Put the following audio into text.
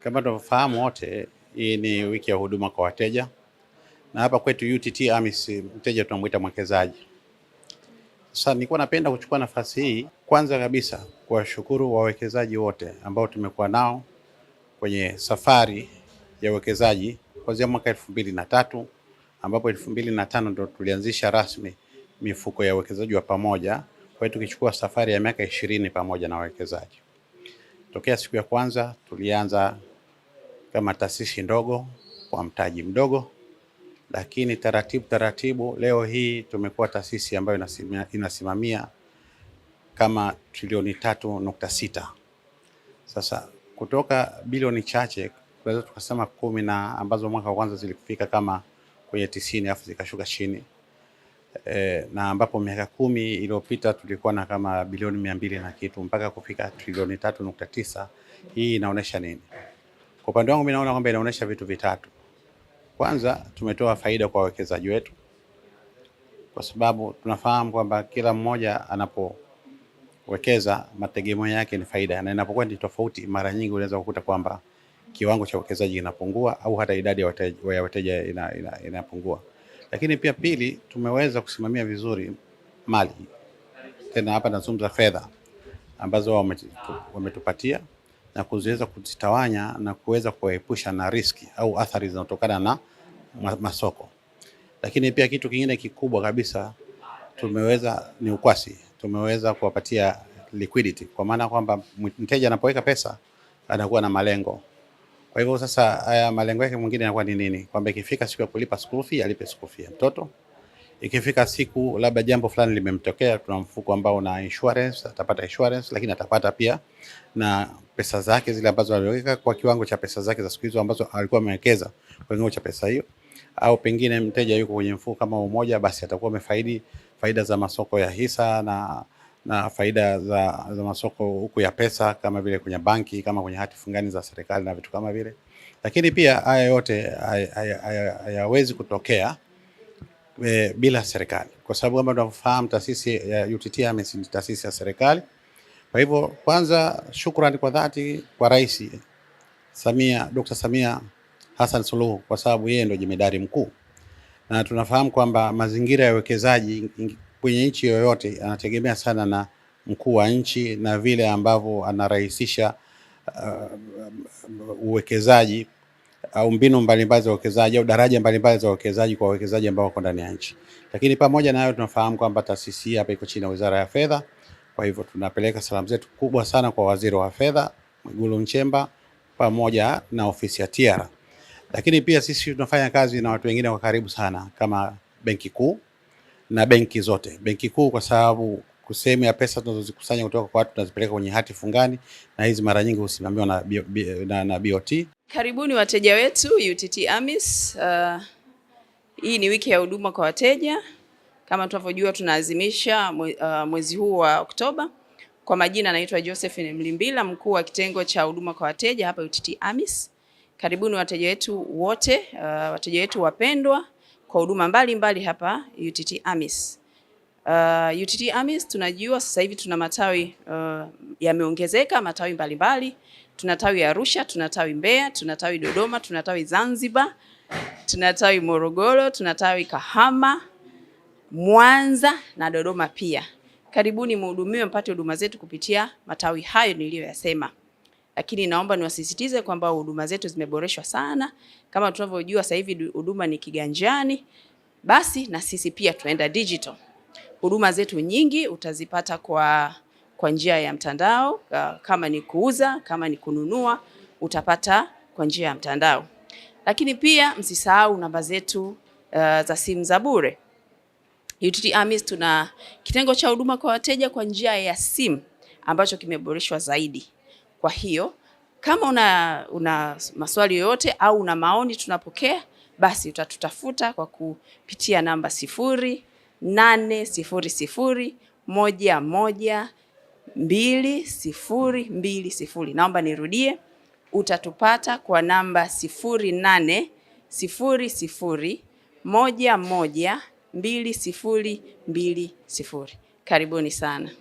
Kama tunavyofahamu wote, hii ni wiki ya huduma kwa wateja, na hapa kwetu UTT AMIS mteja tunamwita mwekezaji. Sasa nilikuwa napenda kuchukua nafasi hii kwanza kabisa kuwashukuru wawekezaji wote ambao tumekuwa nao kwenye safari ya uwekezaji kuanzia mwaka elfu mbili na tatu ambapo elfu mbili na tano ndo tulianzisha rasmi mifuko ya uwekezaji wa pamoja. Kwa hiyo tukichukua safari ya miaka ishirini pamoja na wawekezaji, tokea siku ya kwanza tulianza kama taasisi ndogo kwa mtaji mdogo, lakini taratibu taratibu, leo hii tumekuwa taasisi ambayo inasimia, inasimamia kama trilioni tatu nukta sita. Sasa kutoka bilioni chache tunaweza tukasema kumi na ambazo mwaka wa kwanza zilifika kama kwenye tisini afu zikashuka chini e, na ambapo miaka kumi iliyopita tulikuwa na kama bilioni mia mbili na kitu mpaka kufika trilioni tatu nukta tisa. Hii inaonyesha nini? Kwa upande wangu mimi naona kwamba inaonyesha vitu vitatu. Kwanza, tumetoa faida kwa wawekezaji wetu, kwa sababu tunafahamu kwamba kila mmoja anapowekeza mategemeo yake ni faida, na inapokuwa ni tofauti, mara nyingi unaweza kukuta kwamba kiwango cha uwekezaji kinapungua au hata idadi ya wateja inapungua ina, ina. Lakini pia pili, tumeweza kusimamia vizuri mali, tena hapa nazungumza fedha ambazo wametupatia na kuziweza kuzitawanya na kuweza kuwaepusha na riski au athari zinazotokana na masoko. Lakini pia kitu kingine kikubwa kabisa tumeweza ni ukwasi, tumeweza kuwapatia liquidity, kwa maana kwamba mteja anapoweka pesa anakuwa na malengo. Kwa hivyo sasa, haya malengo yake mwingine yanakuwa ni nini? Kwamba ikifika siku ya kulipa school fee alipe school fee ya mtoto Ikifika siku labda jambo fulani limemtokea, tuna mfuko ambao una insurance, atapata insurance, lakini atapata pia na pesa zake zile ambazo aliweka kwa kiwango cha pesa zake za siku hizo ambazo alikuwa amewekeza kwa kiwango cha pesa hiyo, au pengine mteja yuko kwenye mfuko kama Umoja, basi atakuwa amefaidi faida za masoko ya hisa na na faida za, za masoko huku ya pesa kama vile kwenye banki kama kwenye hati fungani za serikali na vitu kama vile, lakini pia haya yote hayawezi kutokea e, bila serikali, kwa sababu kama tunavyofahamu taasisi ya UTT AMIS ni taasisi ya serikali. Kwa hivyo, kwanza shukrani kwa dhati kwa Rais Samia, Dr. Samia Hassan Suluhu kwa sababu yeye ndio jemedari mkuu, na tunafahamu kwamba mazingira ya uwekezaji kwenye nchi yoyote anategemea sana na mkuu wa nchi na vile ambavyo anarahisisha uh, uwekezaji au mbinu mbalimbali za uwekezaji au daraja mbalimbali za uwekezaji kwa wawekezaji ambao wako ndani ya nchi. Lakini pamoja na hayo, tunafahamu kwamba taasisi hii hapa iko chini ya Wizara ya Fedha. Kwa hivyo tunapeleka salamu zetu kubwa sana kwa Waziri wa Fedha Mwigulu Nchemba pamoja na ofisi ya TIARA. Lakini pia sisi tunafanya kazi na watu wengine kwa karibu sana kama Benki Kuu na benki zote. Benki Kuu kwa sababu sehemu ya pesa tunazozikusanya kutoka kwa watu tunazipeleka kwenye hati fungani, na hizi mara nyingi husimamiwa na, na, na BOT. Karibuni wateja wetu UTT AMIS. Uh, hii ni wiki ya huduma kwa wateja kama tunavyojua tunaazimisha uh, mwezi huu wa Oktoba. Kwa majina anaitwa Josephine Mlimbila, mkuu wa kitengo cha huduma kwa wateja hapa UTT AMIS. Karibuni wateja wetu wote, uh, wateja wetu wapendwa kwa huduma mbalimbali hapa UTT AMIS. Uh, UTT AMIS tunajua sasa hivi tuna matawi uh, yameongezeka matawi mbalimbali mbali. Tuna tawi Arusha, tuna tawi Mbeya, tuna tawi Dodoma, tuna tawi Zanzibar, tuna tawi Morogoro, tuna tawi Kahama, Mwanza na Dodoma pia. Karibuni mhudumiwe mpate huduma zetu kupitia matawi hayo niliyoyasema. Lakini naomba niwasisitize kwamba huduma zetu zimeboreshwa sana. Kama tunavyojua sasa hivi huduma ni kiganjani, basi na sisi pia tunaenda digital huduma zetu nyingi utazipata kwa, kwa njia ya mtandao. Uh, kama ni kuuza, kama ni kununua, utapata kwa njia ya mtandao. Lakini pia msisahau namba zetu uh, za simu za bure. UTT AMIS tuna kitengo cha huduma kwa wateja kwa njia ya simu ambacho kimeboreshwa zaidi. Kwa hiyo kama una, una maswali yoyote au una maoni tunapokea, basi utatutafuta kwa kupitia namba sifuri nane sifuri sifuri moja moja mbili sifuri mbili sifuri. Naomba nirudie, utatupata kwa namba sifuri nane sifuri sifuri moja moja mbili sifuri mbili sifuri. Karibuni sana.